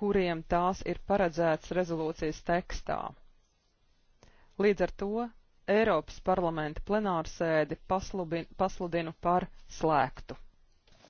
kuriem tās ir paredzētas rezolūcijas tekstā. Līdz ar to Eiropas parlamenta plenārsēdi pasludinu par slēgtu.